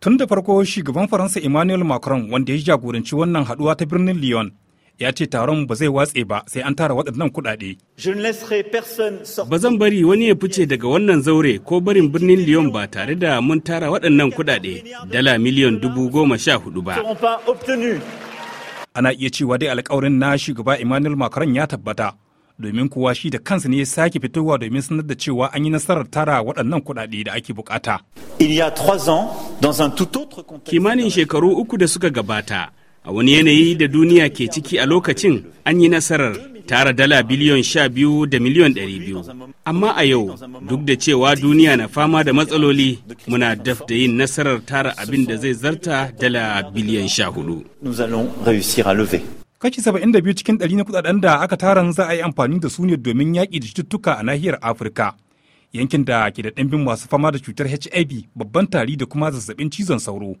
Tun da farko shugaban Faransa Emmanuel Macron wanda ya jagoranci wannan haduwa ta birnin Lyon ya ce taron ba zai watse ba sai an tara waɗannan kuɗaɗe. Ba zan bari wani ya fice daga wannan zaure ko barin birnin Lyon ba tare da mun tara waɗannan kuɗaɗe dala miliyan dubu goma sha hudu ba. Ana iya cewa dai alkawarin na shugaba Emmanuel Macron ya tabbata domin kuwa shi da kansa ne ya sake fitowa domin sanar da cewa an yi nasarar tara waɗannan kuɗaɗe da ake bukata. Kimanin shekaru uku da suka gabata, a wani yanayi da duniya ke ciki a lokacin an yi nasarar tara dala biliyon sha biyu da miliyon ɗari biyu. Amma a yau, duk da cewa duniya na fama da matsaloli, muna daf da yin nasarar tara abin da zai zarta dala biliyan sha hudu. kashi 72 cikin ɗari na kudaden da aka taran za a yi amfani da su ne domin yaƙi da cututtuka a nahiyar afirka yankin da ke da ɗimbin masu fama da cutar hiv babban tari da kuma zazzabin cizon sauro